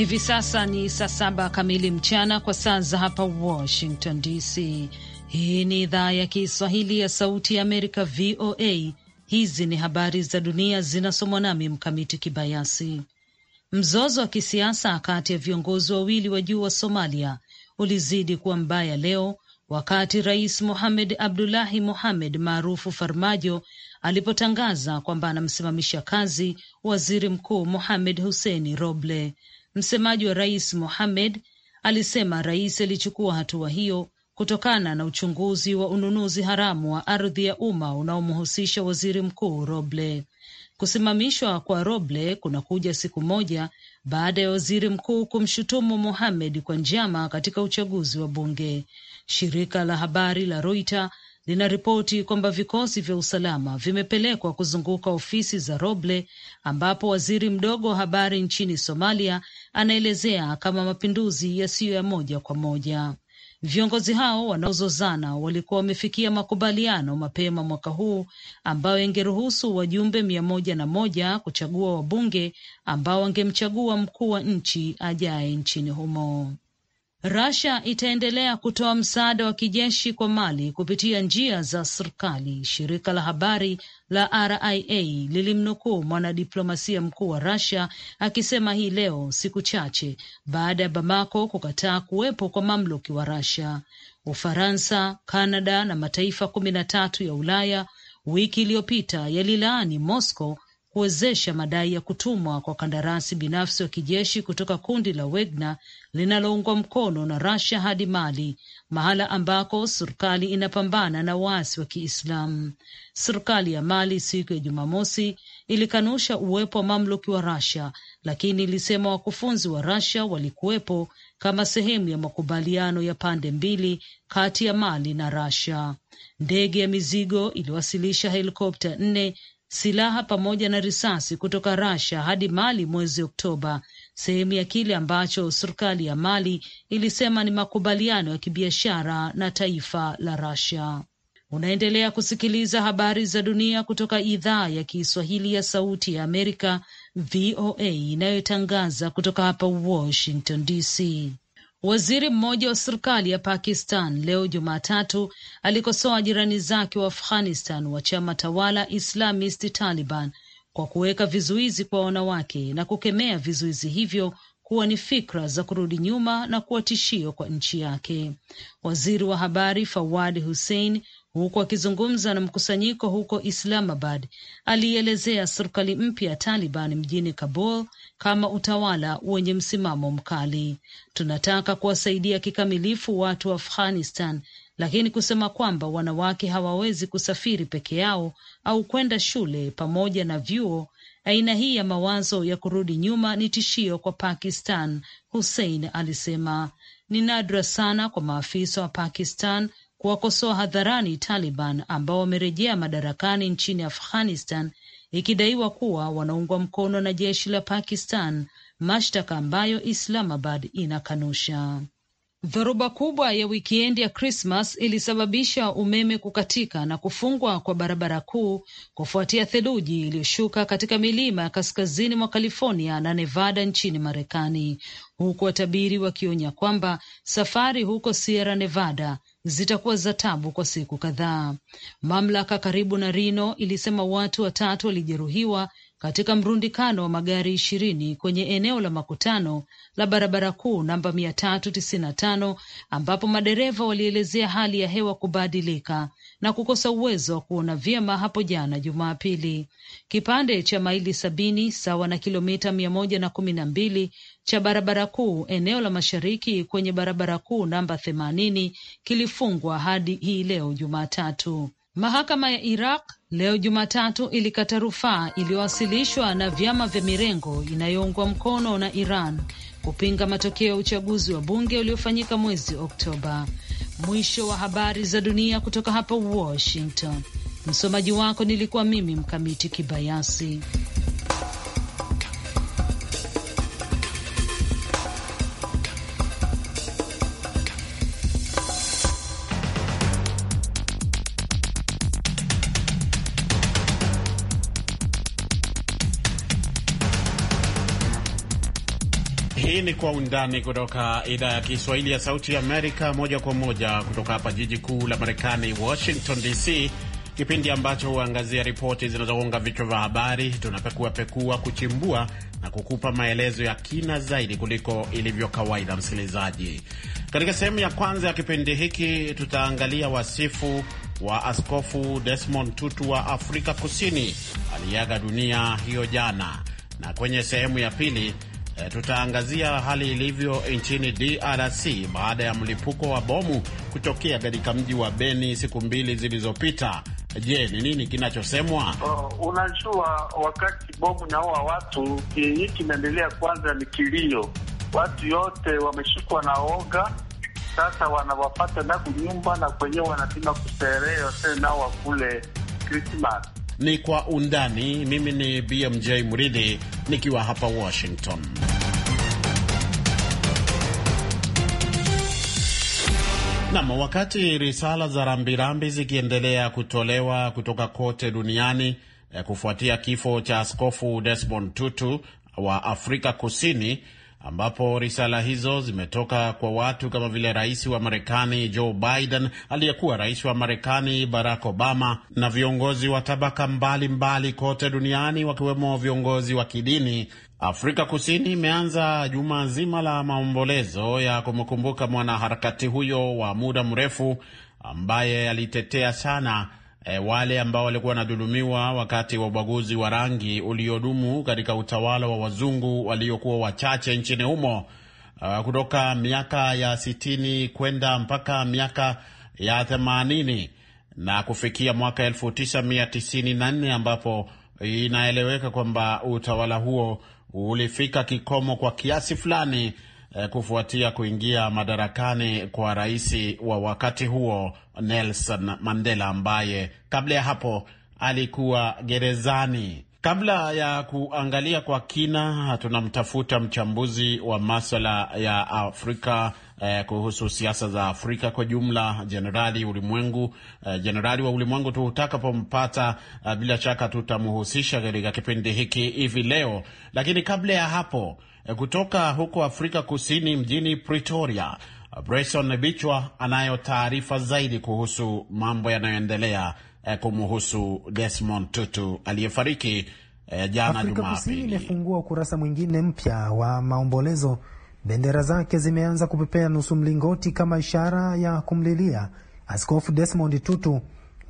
Hivi sasa ni saa saba kamili mchana kwa saa za hapa Washington DC. Hii ni idhaa ya Kiswahili ya Sauti ya Amerika, VOA. Hizi ni habari za dunia zinasomwa nami Mkamiti Kibayasi. Mzozo wa kisiasa kati ya viongozi wawili wa juu wa Somalia ulizidi kuwa mbaya leo wakati Rais Mohamed Abdullahi Mohamed maarufu Farmajo alipotangaza kwamba anamsimamisha kazi waziri mkuu Mohamed Hussein Roble Msemaji wa rais Mohamed alisema rais alichukua hatua hiyo kutokana na uchunguzi wa ununuzi haramu wa ardhi ya umma unaomhusisha waziri mkuu Roble. Kusimamishwa kwa Roble kunakuja siku moja baada ya waziri mkuu kumshutumu Mohamed kwa njama katika uchaguzi wa bunge. Shirika la habari la Reuters linaripoti kwamba vikosi vya usalama vimepelekwa kuzunguka ofisi za Roble ambapo waziri mdogo wa habari nchini Somalia anaelezea kama mapinduzi yasiyo ya moja kwa moja. Viongozi hao wanaozozana walikuwa wamefikia makubaliano mapema mwaka huu ambayo ingeruhusu wajumbe mia moja na moja kuchagua wabunge ambao wangemchagua mkuu wa nchi ajaye nchini humo. Russia itaendelea kutoa msaada wa kijeshi kwa Mali kupitia njia za serikali, shirika la habari la RIA lilimnukuu mwanadiplomasia mkuu wa Russia akisema hii leo, siku chache baada ya Bamako kukataa kuwepo kwa mamluki wa Russia. Ufaransa, Kanada na mataifa kumi na tatu ya Ulaya wiki iliyopita yalilaani Moscow kuwezesha madai ya kutumwa kwa kandarasi binafsi wa kijeshi kutoka kundi la Wagner linaloungwa mkono na Russia hadi Mali, mahala ambako serikali inapambana na waasi wa Kiislamu. Serikali ya Mali siku ya Jumamosi ilikanusha uwepo wa mamluki wa Russia, lakini ilisema wakufunzi wa Russia walikuwepo kama sehemu ya makubaliano ya pande mbili kati ya Mali na Russia. Ndege ya mizigo iliwasilisha helikopta nne silaha pamoja na risasi kutoka Russia hadi Mali mwezi Oktoba, sehemu ya kile ambacho serikali ya Mali ilisema ni makubaliano ya kibiashara na taifa la Russia. Unaendelea kusikiliza habari za dunia kutoka idhaa ya Kiswahili ya Sauti ya Amerika, VOA, inayotangaza kutoka hapa Washington DC. Waziri mmoja wa serikali ya Pakistan leo Jumatatu alikosoa jirani zake wa Afghanistan wa chama tawala Islamist Taliban kwa kuweka vizuizi kwa wanawake na kukemea vizuizi hivyo kuwa ni fikra za kurudi nyuma na kuwa tishio kwa nchi yake. Waziri wa habari Fawad Hussein Huku akizungumza na mkusanyiko huko Islamabad, alielezea serikali mpya ya Taliban mjini Kabul kama utawala wenye msimamo mkali. Tunataka kuwasaidia kikamilifu watu wa Afghanistan, lakini kusema kwamba wanawake hawawezi kusafiri peke yao au kwenda shule pamoja na vyuo, aina hii ya mawazo ya kurudi nyuma ni tishio kwa Pakistan, Hussein alisema. Ni nadra sana kwa maafisa wa Pakistan kuwakosoa hadharani Taliban ambao wamerejea madarakani nchini Afghanistan, ikidaiwa kuwa wanaungwa mkono na jeshi la Pakistan, mashtaka ambayo Islamabad inakanusha. Dhoruba kubwa ya wikiendi ya Krismas ilisababisha umeme kukatika na kufungwa kwa barabara kuu kufuatia theluji iliyoshuka katika milima ya kaskazini mwa California na Nevada nchini Marekani, huku watabiri wakionya kwamba safari huko Sierra Nevada zitakuwa za tabu kwa siku kadhaa. Mamlaka karibu na Reno ilisema watu watatu walijeruhiwa katika mrundikano wa magari ishirini kwenye eneo la makutano la barabara kuu namba mia tatu tano ambapo madereva walielezea hali ya hewa kubadilika na kukosa uwezo wa kuona vyema hapo jana Jumapili. Kipande cha maili sabini sawa na kilomita mia moja na kumi na mbili cha barabara kuu eneo la mashariki kwenye barabara kuu namba themanini kilifungwa hadi hii leo Jumatatu. Mahakama ya Iraq leo Jumatatu ilikata rufaa iliyowasilishwa na vyama vya mirengo inayoungwa mkono na Iran kupinga matokeo ya uchaguzi wa bunge uliofanyika mwezi Oktoba. Mwisho wa habari za dunia kutoka hapa Washington. Msomaji wako nilikuwa mimi Mkamiti Kibayasi. Kwa Undani kutoka idhaa ya Kiswahili ya Sauti Amerika, moja kwa moja kutoka hapa jiji kuu la Marekani, Washington DC, kipindi ambacho huangazia ripoti zinazogonga vichwa vya habari. Tunapekuapekua, kuchimbua na kukupa maelezo ya kina zaidi kuliko ilivyo kawaida. Msikilizaji, katika sehemu ya kwanza ya kipindi hiki tutaangalia wasifu wa Askofu Desmond Tutu wa Afrika Kusini aliyeaga dunia hiyo jana, na kwenye sehemu ya pili Eh, tutaangazia hali ilivyo nchini DRC baada ya mlipuko wa bomu kutokea katika mji wa Beni siku mbili zilizopita. Je, ni nini kinachosemwa? Uh, unajua wakati bomu naua watu, hii kinaendelea kwanza ni kilio, watu yote wameshikwa na oga sasa wanawapata na kunyumba na kwenyewe wanapima kuserehe wasenao wakule Krismas ni Kwa Undani. Mimi ni BMJ Muridhi nikiwa hapa Washington. Nam, wakati risala za rambirambi zikiendelea kutolewa kutoka kote duniani eh, kufuatia kifo cha askofu Desmond Tutu wa Afrika Kusini ambapo risala hizo zimetoka kwa watu kama vile rais wa Marekani Joe Biden, aliyekuwa rais wa Marekani Barack Obama na viongozi wa tabaka mbalimbali mbali kote duniani wakiwemo viongozi wa kidini. Afrika Kusini imeanza juma zima la maombolezo ya kumkumbuka mwanaharakati huyo wa muda mrefu ambaye alitetea sana e, wale ambao walikuwa wanadhulumiwa wakati wa ubaguzi wa rangi uliodumu katika utawala wa wazungu waliokuwa wachache nchini humo uh, kutoka miaka ya sitini kwenda mpaka miaka ya themanini na kufikia mwaka nne ambapo inaeleweka kwamba utawala huo ulifika kikomo kwa kiasi fulani eh, kufuatia kuingia madarakani kwa rais wa wakati huo Nelson Mandela ambaye kabla ya hapo alikuwa gerezani. Kabla ya kuangalia kwa kina, tunamtafuta mchambuzi wa maswala ya Afrika eh, kuhusu siasa za Afrika kwa jumla. Jenerali ulimwengu eh, jenerali wa ulimwengu tutakapompata, eh, bila shaka tutamhusisha katika kipindi hiki hivi leo, lakini kabla ya hapo eh, kutoka huko Afrika Kusini mjini Pretoria, eh, Bryson Bichwa anayo taarifa zaidi kuhusu mambo yanayoendelea eh, kumhusu Desmond Tutu aliyefariki eh, jana Jumapili. Afrika Kusini imefungua ukurasa mwingine mpya wa maombolezo bendera zake zimeanza kupepea nusu mlingoti kama ishara ya kumlilia Askofu Desmond Tutu,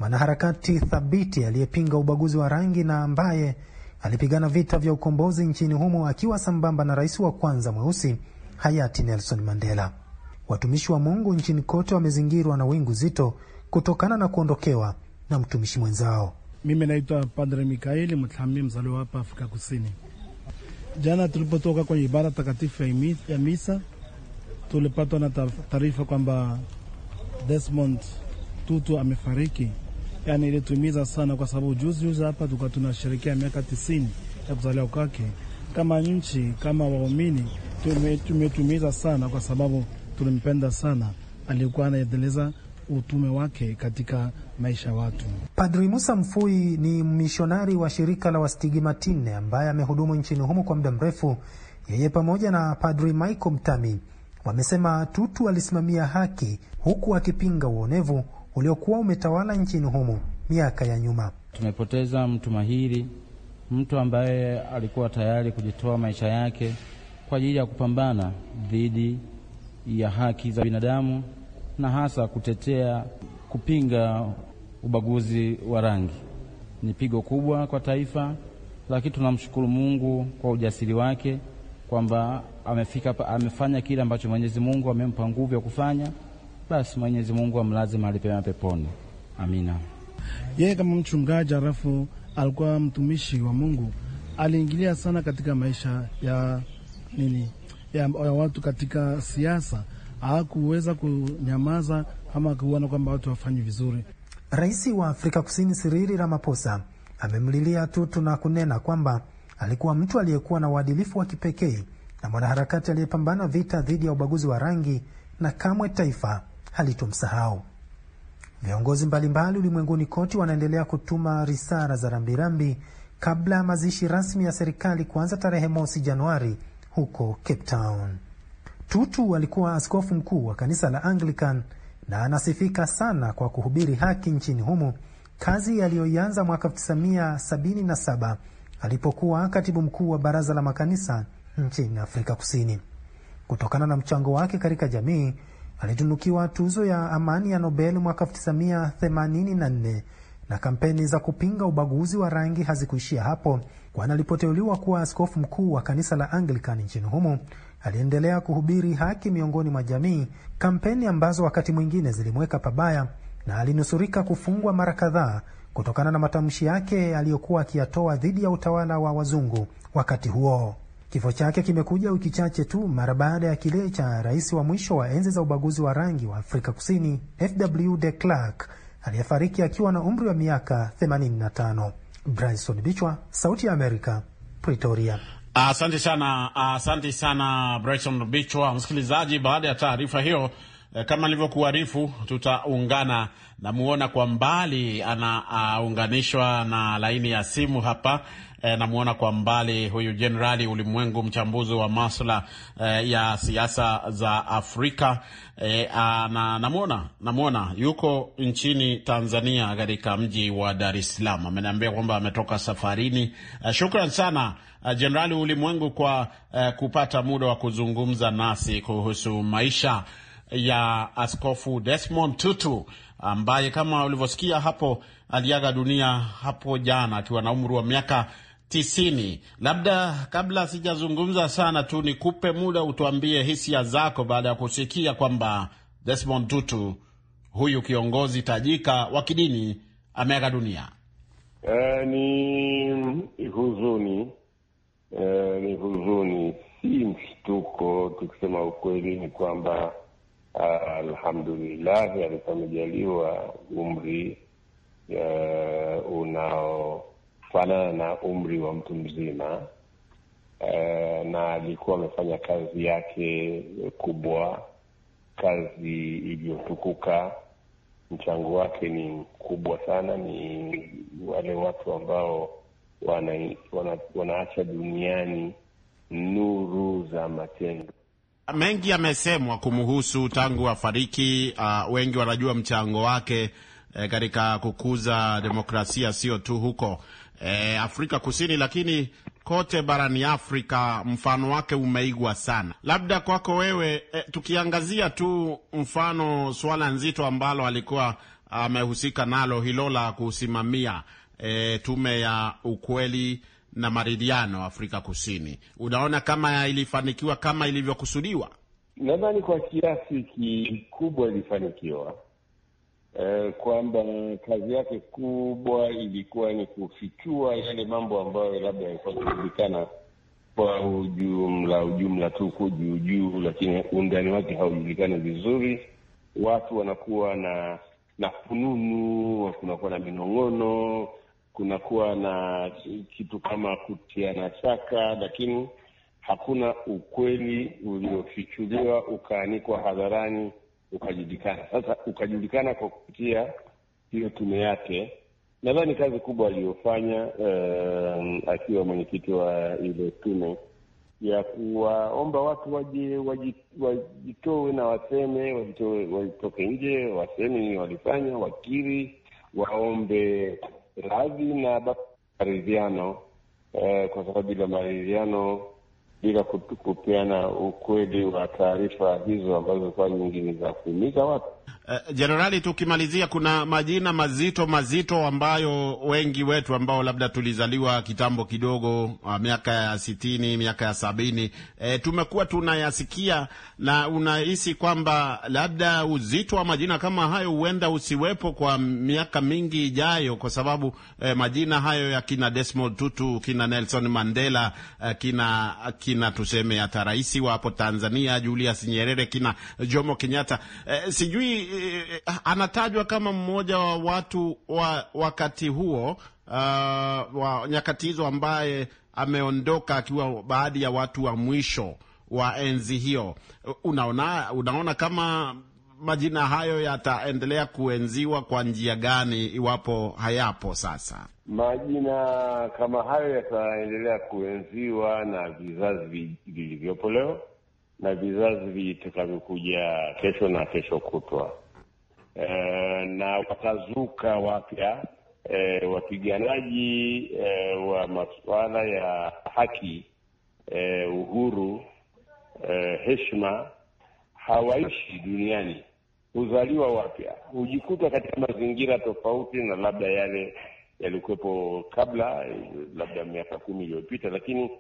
mwanaharakati thabiti aliyepinga ubaguzi wa rangi na ambaye alipigana vita vya ukombozi nchini humo akiwa sambamba na rais wa kwanza mweusi hayati Nelson Mandela. Watumishi wa Mungu nchini kote wamezingirwa na wingu zito kutokana na kuondokewa na mtumishi mwenzao. Mimi naitwa Padre Mikaeli Mtlami, mzaliwa hapa Afrika Kusini. Jana tulipotoka kwenye ibada takatifu ya misa, tulipatwa na taarifa kwamba Desmond Tutu amefariki. Yani ilitumiza sana, kwa sababu juzi juzi hapa tulikuwa tunasherekea miaka tisini ya kuzaliwa kwake. Kama nchi, kama waumini, tumetumiza sana, kwa sababu tulimpenda sana, alikuwa anaendeleza utume wake katika maisha ya watu. Padri Musa Mfui ni mishonari wa shirika la Wastigimatine ambaye amehudumu nchini humo kwa muda mrefu. Yeye pamoja na Padri Michael Mtami wamesema Tutu alisimamia haki huku akipinga uonevu uliokuwa umetawala nchini humo miaka ya nyuma. Tumepoteza mtu mahiri, mtu ambaye alikuwa tayari kujitoa maisha yake kwa ajili ya kupambana dhidi ya haki za binadamu na hasa kutetea kupinga ubaguzi wa rangi. Ni pigo kubwa kwa taifa, lakini tunamshukuru Mungu kwa ujasiri wake kwamba amefika, amefanya kile ambacho Mwenyezi Mungu amempa nguvu ya kufanya. Basi Mwenyezi Mungu amlaze mahali pema peponi. Amina. Yeye kama mchungaji halafu alikuwa mtumishi wa Mungu, aliingilia sana katika maisha ya nini ya, ya watu katika siasa hakuweza kunyamaza ama kuona kwamba watu wafanyi vizuri. Rais wa Afrika Kusini Cyril Ramaphosa amemlilia Tutu na kunena kwamba alikuwa mtu aliyekuwa na uadilifu wa kipekee na mwanaharakati aliyepambana vita dhidi ya ubaguzi wa rangi na kamwe taifa halitomsahau. Viongozi mbalimbali ulimwenguni kote wanaendelea kutuma risala za rambirambi kabla ya mazishi rasmi ya serikali kuanza tarehe mosi Januari huko Cape Town. Tutu alikuwa askofu mkuu wa kanisa la Anglican na anasifika sana kwa kuhubiri haki nchini humo, kazi aliyoianza mwaka 1977 alipokuwa katibu mkuu wa baraza la makanisa nchini Afrika Kusini. Kutokana na mchango wake katika jamii, alitunukiwa tuzo ya amani ya Nobel mwaka 1984 na kampeni za kupinga ubaguzi wa rangi hazikuishia hapo, kwani alipoteuliwa kuwa askofu mkuu wa kanisa la Anglican nchini humo aliendelea kuhubiri haki miongoni mwa jamii, kampeni ambazo wakati mwingine zilimweka pabaya na alinusurika kufungwa mara kadhaa kutokana na matamshi yake aliyokuwa akiyatoa dhidi ya utawala wa wazungu wakati huo. Kifo chake kimekuja wiki chache tu mara baada ya kile cha rais wa mwisho wa enzi za ubaguzi wa rangi wa Afrika Kusini FW de Klerk aliyefariki akiwa na umri wa miaka 85. Bryson Bichwa, Sauti ya Amerika, Pretoria. Asante sana, asante sana Bryson Bichwa. Msikilizaji, baada ya taarifa hiyo Eh, kama nilivyokuarifu, tutaungana na muona kwa mbali, anaunganishwa uh, na laini ya simu hapa eh, namuona kwa mbali huyu Jenerali Ulimwengu, mchambuzi wa masuala eh, ya siasa za Afrika eh, na namuona namuona yuko nchini Tanzania katika mji wa Dar es Salaam. Ameniambia kwamba ametoka safarini. Eh, shukran sana eh, Jenerali Ulimwengu kwa eh, kupata muda wa kuzungumza nasi kuhusu maisha ya Askofu Desmond Tutu ambaye kama ulivyosikia hapo aliaga dunia hapo jana akiwa na umri wa miaka tisini. Labda kabla sijazungumza sana tu nikupe muda utuambie hisia zako baada ya kusikia kwamba Desmond Tutu huyu kiongozi tajika wa kidini ameaga dunia. E, ni huzuni e, ni huzuni, si mshtuko. Tukisema ukweli ni kwamba Alhamdulillahi, amejaliwa umri eh, unaofanana na umri wa mtu mzima uh, na alikuwa amefanya kazi yake kubwa, kazi iliyotukuka. Mchango wake ni mkubwa sana, ni wale watu ambao wana, wana, wanaacha duniani nuru za matendo mengi yamesemwa kumhusu tangu afariki. Uh, wengi wanajua mchango wake eh, katika kukuza demokrasia sio tu huko eh, Afrika Kusini, lakini kote barani Afrika mfano wake umeigwa sana. Labda kwako wewe eh, tukiangazia tu mfano swala nzito ambalo alikuwa amehusika ah, nalo hilo la kusimamia eh, tume ya ukweli na maridhiano Afrika Kusini. Unaona kama ilifanikiwa kama ilivyokusudiwa? Nadhani kwa kiasi kikubwa ilifanikiwa, e, kwamba kazi yake kubwa ilikuwa ni kufichua yale mambo ambayo labda yalikuwa kujulikana kwa ujumla ujumla tu kujuujuu, lakini undani wake haujulikani vizuri. Watu wanakuwa na na fununu, kunakuwa na minong'ono kunakuwa na kitu kama kutiana shaka, lakini hakuna ukweli uliofichuliwa ukaanikwa hadharani ukajulikana. Sasa ukajulikana kwa kupitia hiyo tume yake. Nadhani kazi kubwa aliyofanya eh, akiwa mwenyekiti wa ile tume ya kuwaomba watu waje wajitoe na waseme, wajitoke nje, waseme nini walifanya, wakiri, waombe radhi na maridhiano eh, kwa sababu bila maridhiano, bila kupeana ukweli wa taarifa hizo ambazo kwa nyingi ni za kuumiza watu Jenerali, eh, tukimalizia, kuna majina mazito mazito ambayo wengi wetu ambao labda tulizaliwa kitambo kidogo, ah, miaka ya sitini, miaka ya sabini, e, tumekuwa tunayasikia na unahisi kwamba labda uzito wa majina kama hayo huenda usiwepo kwa miaka mingi ijayo, kwa sababu e, majina hayo ya kina Desmond Tutu, kina Nelson Mandela, uh, kina, kina tuseme hata rais wa hapo Tanzania Julius Nyerere, kina Jomo Kenyatta, e, sijui Eh, eh, anatajwa kama mmoja wa watu wa wakati huo, uh, wa nyakati hizo ambaye ameondoka akiwa baadhi ya watu wa mwisho wa enzi hiyo. Unaona, unaona kama majina hayo yataendelea kuenziwa kwa njia gani iwapo hayapo sasa? Majina kama hayo yataendelea kuenziwa na vizazi vilivyopo leo, na vizazi vitakavyokuja kesho na kesho kutwa. E, na watazuka wapya e, wapiganaji e, wa masuala ya haki e, uhuru e, heshima. Hawaishi duniani, huzaliwa wapya, hujikuta katika mazingira tofauti na labda yale yalikuwepo kabla, labda miaka kumi iliyopita, lakini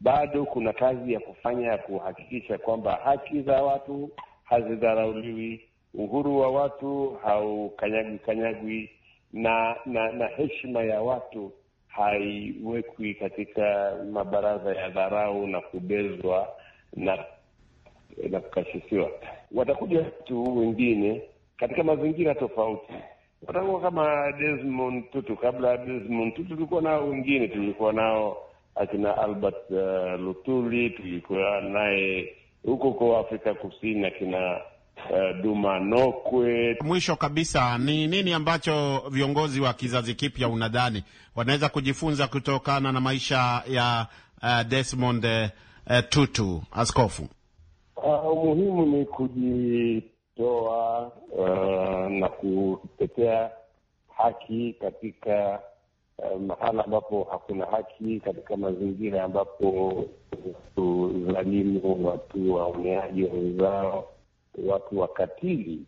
bado kuna kazi ya kufanya ya kuhakikisha kwamba haki za watu hazidharauliwi, uhuru wa watu haukanyagwi kanyagwi, na, na, na heshima ya watu haiwekwi katika mabaraza ya dharau na kubezwa na na kukashisiwa. Watakuja watu wengine katika mazingira tofauti, watakuwa kama Desmond Tutu. Kabla ya Desmond Tutu tulikuwa nao wengine, tulikuwa nao akina Albert uh, Lutuli, tulikuwa naye huko kwa Afrika Kusini, akina uh, Duma Nokwe. Mwisho kabisa, ni nini ambacho viongozi wa kizazi kipya unadhani wanaweza kujifunza kutokana na maisha ya uh, Desmond uh, Tutu, askofu? Uh, umuhimu ni kujitoa uh, na kutetea haki katika Eh, mahala ambapo hakuna haki, katika mazingira ambapo watu dhalimu, watu waoneaji wenzao, watu wakatili,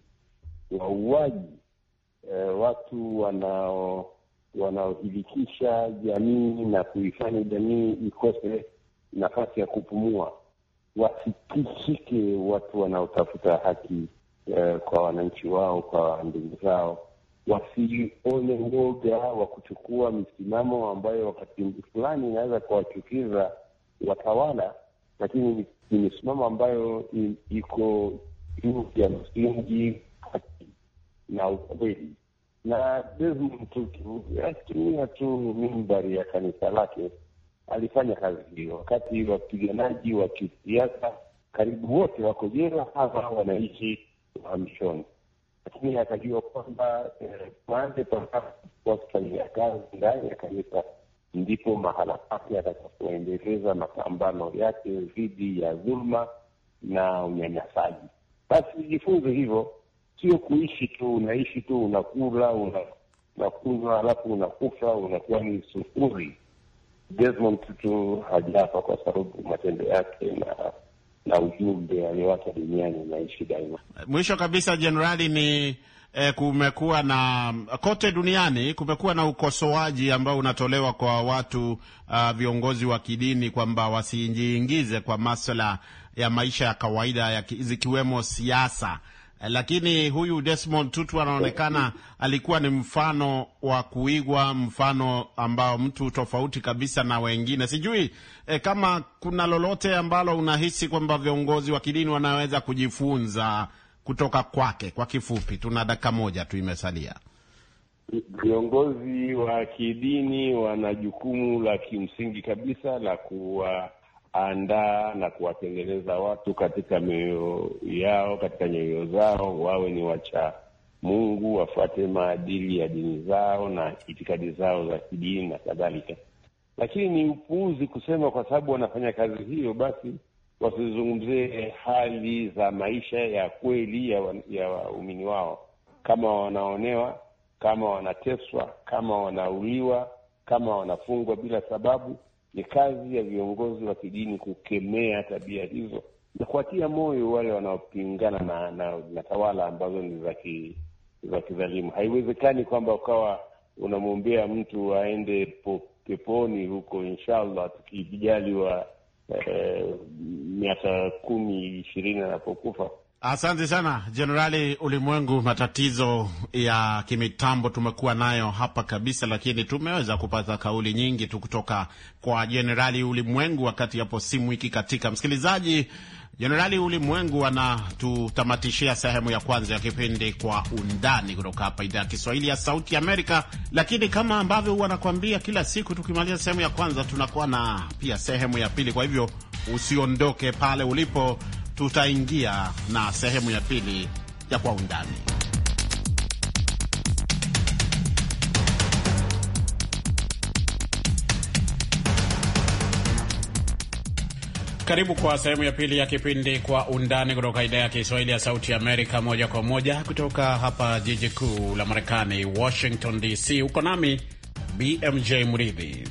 wauaji, eh, watu wanao wanaohilikisha jamii na kuifanya jamii ikose nafasi ya kupumua. Wasikishike watu wanaotafuta haki eh, kwa wananchi wao, kwa ndugu zao, wasione woga wa kuchukua misimamo ambayo wakati fulani inaweza kuwachukiza watawala, lakini ni misimamo ambayo iko juu ya msingi, na ukweli. Na Desmond Tutu akitumia tu mimbari ya kanisa lake alifanya kazi hiyo, wakati wapiganaji wa kisiasa karibu wote wako jela ama wanaishi uhamishoni lakini akajua kwamba tuanze eh, kwa sasa kufanyia kazi ndani ya kanisa, ndipo mahala pake atakapoendeleza mapambano yake dhidi ya dhuluma na unyanyasaji. Basi jifunze hivyo, sio kuishi tu, unaishi tu, unakula unakunywa, alafu unakufa, unakuwa ni sufuri. Desmond Tutu hajafa kwa sababu matendo yake na na ujumbe aliyowacha duniani unaishi daima. Mwisho kabisa, Jenerali, ni eh, kumekuwa na kote duniani kumekuwa na ukosoaji ambao unatolewa kwa watu uh, viongozi wa kidini kwamba wasijiingize kwa maswala ya maisha ya kawaida ya, zikiwemo siasa Eh, lakini huyu Desmond Tutu anaonekana alikuwa ni mfano wa kuigwa, mfano ambao mtu tofauti kabisa na wengine. Sijui e, kama kuna lolote ambalo unahisi kwamba viongozi wa kidini wanaweza kujifunza kutoka kwake. Kwa kifupi, tuna dakika moja tu imesalia. Viongozi wa kidini wana jukumu la kimsingi kabisa la kuwa andaa na kuwatengeneza watu katika mioyo yao, katika nyoyo zao, wawe ni wacha Mungu, wafuate maadili ya dini zao na itikadi zao za kidini na kadhalika. Lakini ni upuuzi kusema kwa sababu wanafanya kazi hiyo basi wasizungumzie hali za maisha ya kweli ya waumini wao, kama wanaonewa, kama wanateswa, kama wanauliwa, kama wanafungwa bila sababu, ni kazi ya viongozi wa kidini kukemea tabia hizo na kuwatia moyo wale wanaopingana na, na, na tawala ambazo ni za kidhalimu. Haiwezekani kwamba ukawa unamwombea mtu aende peponi huko, inshallah tukijaliwa eh, miaka kumi ishirini anapokufa Asante sana Jenerali Ulimwengu. Matatizo ya kimitambo tumekuwa nayo hapa kabisa, lakini tumeweza kupata kauli nyingi tu kutoka kwa Jenerali Ulimwengu wakati hapo simu hiki katika. Msikilizaji, Jenerali Ulimwengu anatutamatishia sehemu ya kwanza ya kipindi Kwa Undani kutoka hapa idhaa ya Kiswahili ya Sauti Amerika. Lakini kama ambavyo huwa anakuambia kila siku, tukimaliza sehemu ya kwanza tunakuwa na pia sehemu ya pili, kwa hivyo usiondoke pale ulipo tutaingia na sehemu ya pili ya Kwa Undani. Karibu kwa sehemu ya pili ya kipindi Kwa Undani kutoka idhaa ya Kiswahili ya Sauti Amerika, moja kwa moja kutoka hapa jiji kuu la Marekani, Washington DC. Uko nami BMJ Mridhi.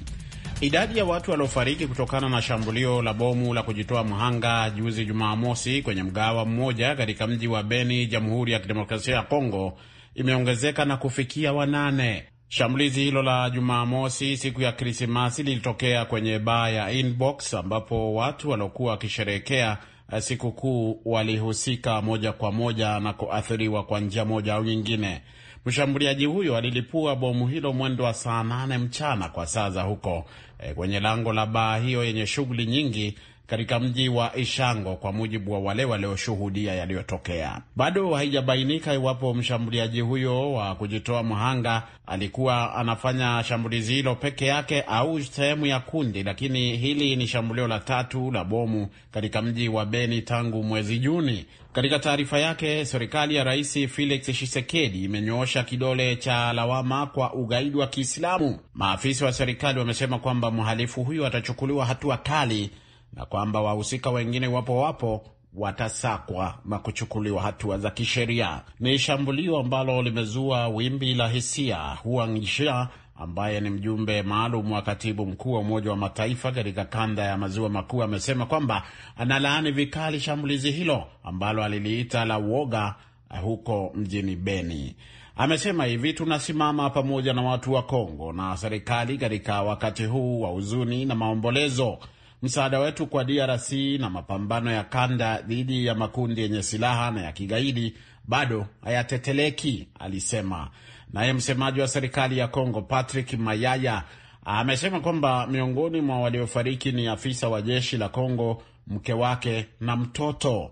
Idadi ya watu waliofariki kutokana na shambulio la bomu la kujitoa mhanga juzi Jumamosi kwenye mgawa mmoja katika mji wa Beni, Jamhuri ya Kidemokrasia ya Kongo imeongezeka na kufikia wanane. Shambulizi hilo la Jumamosi siku ya Krismasi lilitokea kwenye baa ya Inbox ambapo watu waliokuwa wakisherehekea eh, sikukuu walihusika moja kwa moja na kuathiriwa kwa njia moja au nyingine. Mshambuliaji huyo alilipua bomu hilo mwendo wa saa nane mchana kwa saa za huko, e, kwenye lango la baa hiyo yenye shughuli nyingi katika mji wa Ishango, kwa mujibu wa wale walioshuhudia yaliyotokea. Bado haijabainika iwapo mshambuliaji huyo wa kujitoa mhanga alikuwa anafanya shambulizi hilo peke yake au sehemu ya kundi, lakini hili ni shambulio la tatu la bomu katika mji wa Beni tangu mwezi Juni. Katika taarifa yake, serikali ya Rais Felix Tshisekedi imenyoosha kidole cha lawama kwa ugaidi wa Kiislamu. Maafisa wa serikali wamesema kwamba mhalifu huyo atachukuliwa hatua kali na kwamba wahusika wengine wapo wapo watasakwa na kuchukuliwa hatua za kisheria. Ni shambulio ambalo limezua wimbi la hisia. Huangsha ambaye ni mjumbe maalum wa katibu mkuu wa Umoja wa Mataifa katika kanda ya maziwa makuu amesema kwamba analaani vikali shambulizi hilo ambalo aliliita la uoga huko mjini Beni. Amesema hivi, tunasimama pamoja na watu wa Kongo na serikali katika wakati huu wa huzuni na maombolezo msaada wetu kwa DRC na mapambano ya kanda dhidi ya makundi yenye silaha na ya kigaidi bado hayateteleki, alisema. Naye msemaji wa serikali ya congo Patrick Mayaya amesema kwamba miongoni mwa waliofariki ni afisa wa jeshi la congo mke wake na mtoto.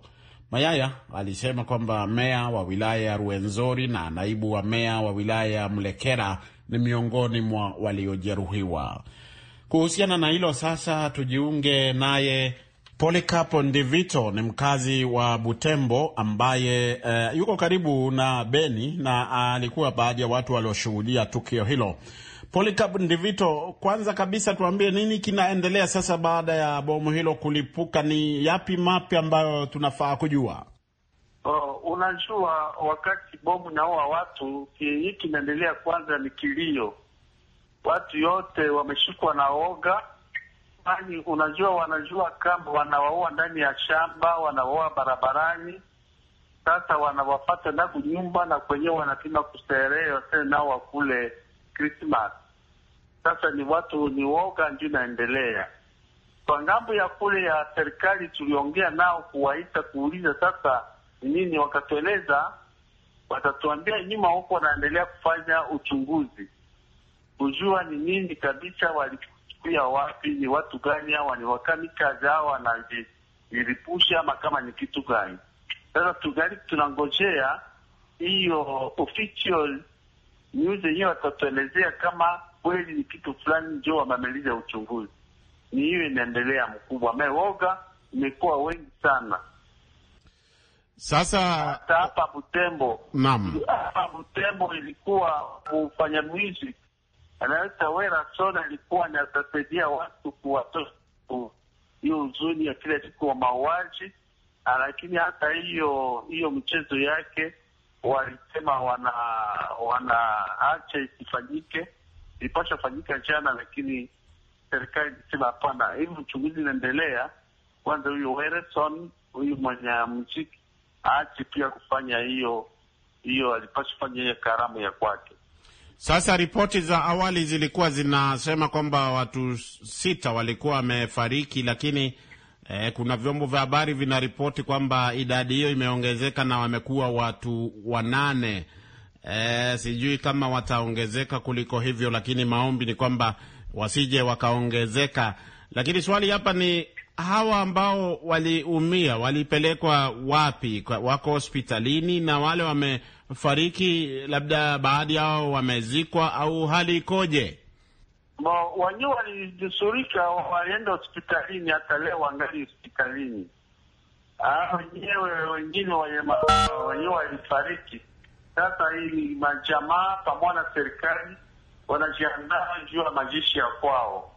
Mayaya alisema kwamba meya wa wilaya ya Ruenzori na naibu wa meya wa wilaya ya Mlekera ni miongoni mwa waliojeruhiwa. Kuhusiana na hilo sasa, tujiunge naye Polikapo Ndivito ni mkazi wa Butembo ambaye uh, yuko karibu na Beni na alikuwa uh, baadhi ya watu walioshuhudia tukio hilo. Polikapo Ndivito, kwanza kabisa tuambie nini kinaendelea sasa baada ya bomu hilo kulipuka, ni yapi mapya ambayo tunafaa kujua? Uh, unajua wakati bomu naua watu, hii kinaendelea kwanza ni kilio watu yote wameshikwa na oga, kwani unajua, wanajua kama wanawaua ndani ya shamba, wanawaua barabarani. Sasa wanawapata naku nyumba na kwenyewe wanapima kusereo tena nao wakule Christmas. Sasa ni watu ni woga ndio inaendelea kwa ngambo ya kule ya serikali. Tuliongea nao kuwaita kuuliza sasa nini, wakatueleza watatuambia nyuma huko wanaendelea kufanya uchunguzi kujua ni nini kabisa walikuya wapi, ni watu gani hawa, ni wakamikazi hawa wanajiripusha ama kama ni kitu gani. Sasa tungali tunangojea hiyo official news yenyewe watatuelezea kama kweli ni kitu fulani njo wamemaliza uchunguzi. Ni hiyo inaendelea mkubwa, amewoga imekuwa wengi sana. Sasa hapa Butembo, naam, hapa Butembo ilikuwa mwizi anaweza Wera Son alikuwa anatasaidia watu kuwatoa hiyo huzuni ya kila siku wa mauaji, ah, lakini hata hiyo hiyo mchezo yake walisema wana wanaacha isifanyike, ilipasha fanyika jana, lakini serikali ilisema hapana, hivi uchunguzi inaendelea kwanza. Huyo Wereson huyu mwenye mziki aache pia kufanya hiyo hiyo, alipasha fanya hiyo karamu ya kwake. Sasa ripoti za awali zilikuwa zinasema kwamba watu sita walikuwa wamefariki, lakini eh, kuna vyombo vya habari vinaripoti kwamba idadi hiyo imeongezeka na wamekuwa watu wanane. Eh, sijui kama wataongezeka kuliko hivyo, lakini maombi ni kwamba wasije wakaongezeka. Lakini swali hapa ni hawa ambao waliumia walipelekwa wapi? Wako hospitalini na wale wame fariki labda baadhi yao wamezikwa au hali ikoje? Wenyewe walinusurika, walienda hospitalini, hata leo wangali hospitalini. Ah, wenyewe wengine wenyewe walifariki. Sasa hii ni majamaa pamoja na serikali wanajiandaa juu ya majeshi ya kwao.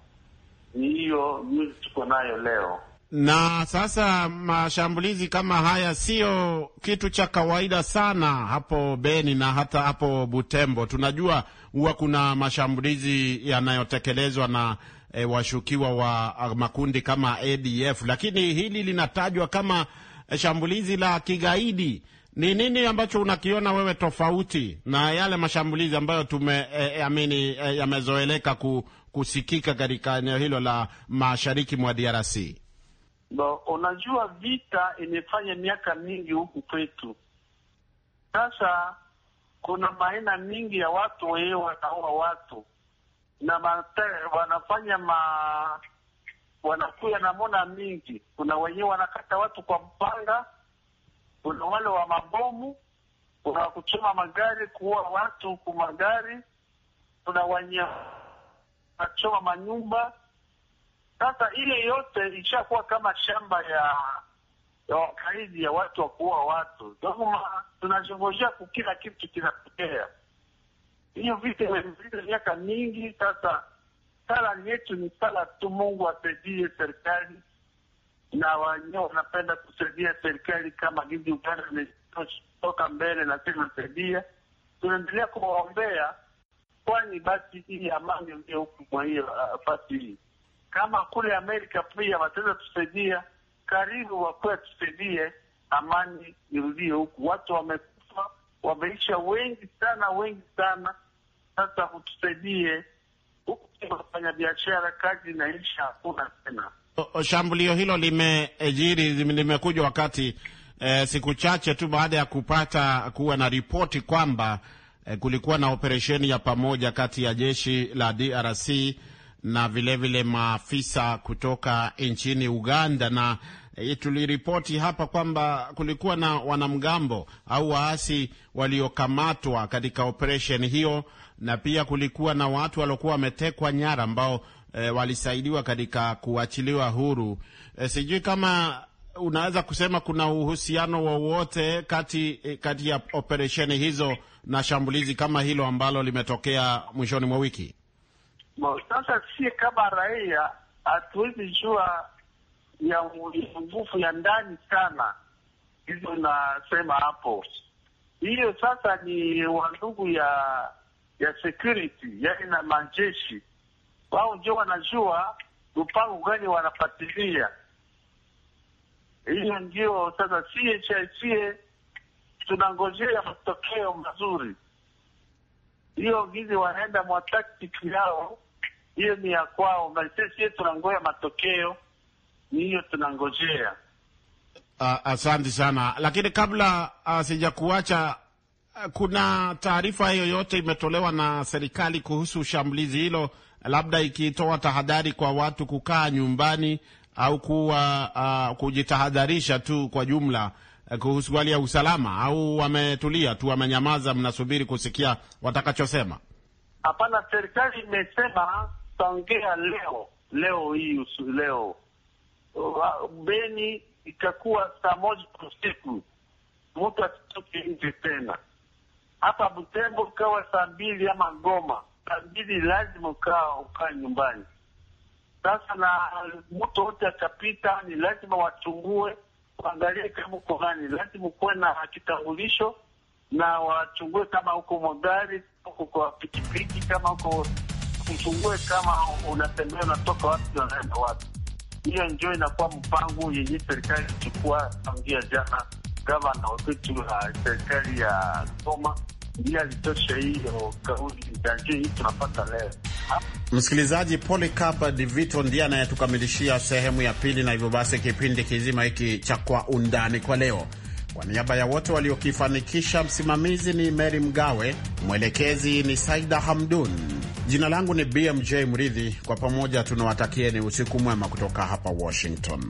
Ni hiyo nyuzi tuko nayo leo. Na sasa mashambulizi kama haya siyo kitu cha kawaida sana hapo Beni na hata hapo Butembo. Tunajua huwa kuna mashambulizi yanayotekelezwa na e, washukiwa wa makundi kama ADF, lakini hili linatajwa kama e, shambulizi la kigaidi. Ni nini ambacho unakiona wewe tofauti na yale mashambulizi ambayo tume e, e amini e, yamezoeleka kusikika katika eneo hilo la mashariki mwa DRC? No, unajua vita imefanya miaka mingi huku kwetu. Sasa kuna maina mingi ya watu, wewe wanaua watu na mate, wanafanya ma wanakuya na mona mingi. Kuna wenyewe wanakata watu kwa mpanga, kuna wale wa mabomu, kuna wakuchoma magari, kuua watu kumagari magari, kuna wenye wanachoma manyumba sasa ile yote ishakuwa kama shamba ya ya wakaidi ya watu wa kuua watu. Dodoma tunazungumzia kukila kitu kinatokea. Hiyo vita imemaliza miaka mingi sasa. Sala yetu ni sala tu, Mungu asaidie serikali na wanyewe wanapenda kusaidia serikali kama hivi Uganda imetoka mbele na tena saidia, tunaendelea kuwaombea, kwani basi hii amani ndio huku hiyo nafasi uh, hii kama kule Amerika pia wataweza tusaidia, karibu wakuwe tusaidie amani irudie huku. Watu wamekufa wameisha wengi sana, wengi sana. Sasa hutusaidie huku, wafanya biashara kazi inaisha, hakuna tena. Shambulio hilo limejiri, eh, limekuja wakati e, siku chache tu baada ya kupata kuwa na ripoti kwamba e, kulikuwa na operesheni ya pamoja kati ya jeshi la DRC na vilevile vile maafisa kutoka nchini Uganda na eh, tuliripoti hapa kwamba kulikuwa na wanamgambo au waasi waliokamatwa katika operesheni hiyo, na pia kulikuwa na watu waliokuwa wametekwa nyara ambao e, walisaidiwa katika kuachiliwa huru. E, sijui kama unaweza kusema kuna uhusiano wowote kati, kati ya operesheni hizo na shambulizi kama hilo ambalo limetokea mwishoni mwa wiki sasa sie kama raia hatuwezi jua ya nguvu ya ndani sana hizo nasema hapo. Hiyo sasa ni wandugu ya ya security, yani na majeshi wao ndio wanajua upango gani wanapatilia. Hiyo ndio sasa sie chaisie tunangojea matokeo mazuri, hiyo gizi wanaenda mwa taktiki yao hiyo ni ya kwao. Sisi tunangoja matokeo, ni hiyo tunangojea. Ah, asante sana, lakini kabla ah, sijakuacha, ah, kuna taarifa yoyote imetolewa na serikali kuhusu shambulizi hilo, labda ikitoa tahadhari kwa watu kukaa nyumbani au kuwa uh, kujitahadharisha tu kwa jumla eh, kuhusu hali ya usalama, au wametulia tu, wamenyamaza, mnasubiri kusikia watakachosema? Hapana, serikali imesema tangea leo leo hii leo Beni ikakuwa saa moja usiku, mtu asitoke nje tena. Hapa Butembo ukawa saa mbili ama Goma saa mbili, lazima ukaa ukaa nyumbani. Sasa na mtu wote akapita, ni lazima wachungue, waangalie kama uko nani, lazima ukuwe na kitambulisho na wachungue kama uko magari, uko kwa pikipiki, kama uko ufungue kama unatembea unatoka wapi unaenda wapi. Hiyo ndio inakuwa mpango yenye serikali ichukua tangia jana. Gavana wetu wa serikali ya Goma ndiye alitosha hiyo kauli ya njia hii tunapata leo. Msikilizaji, Polycarp Divito ndiye anayetukamilishia sehemu ya pili, na hivyo basi kipindi kizima hiki cha Kwa Undani kwa leo kwa niaba ya wote waliokifanikisha, msimamizi ni Meri Mgawe, mwelekezi ni Saida Hamdun. Jina langu ni BMJ Mridhi. Kwa pamoja tunawatakieni usiku mwema kutoka hapa Washington.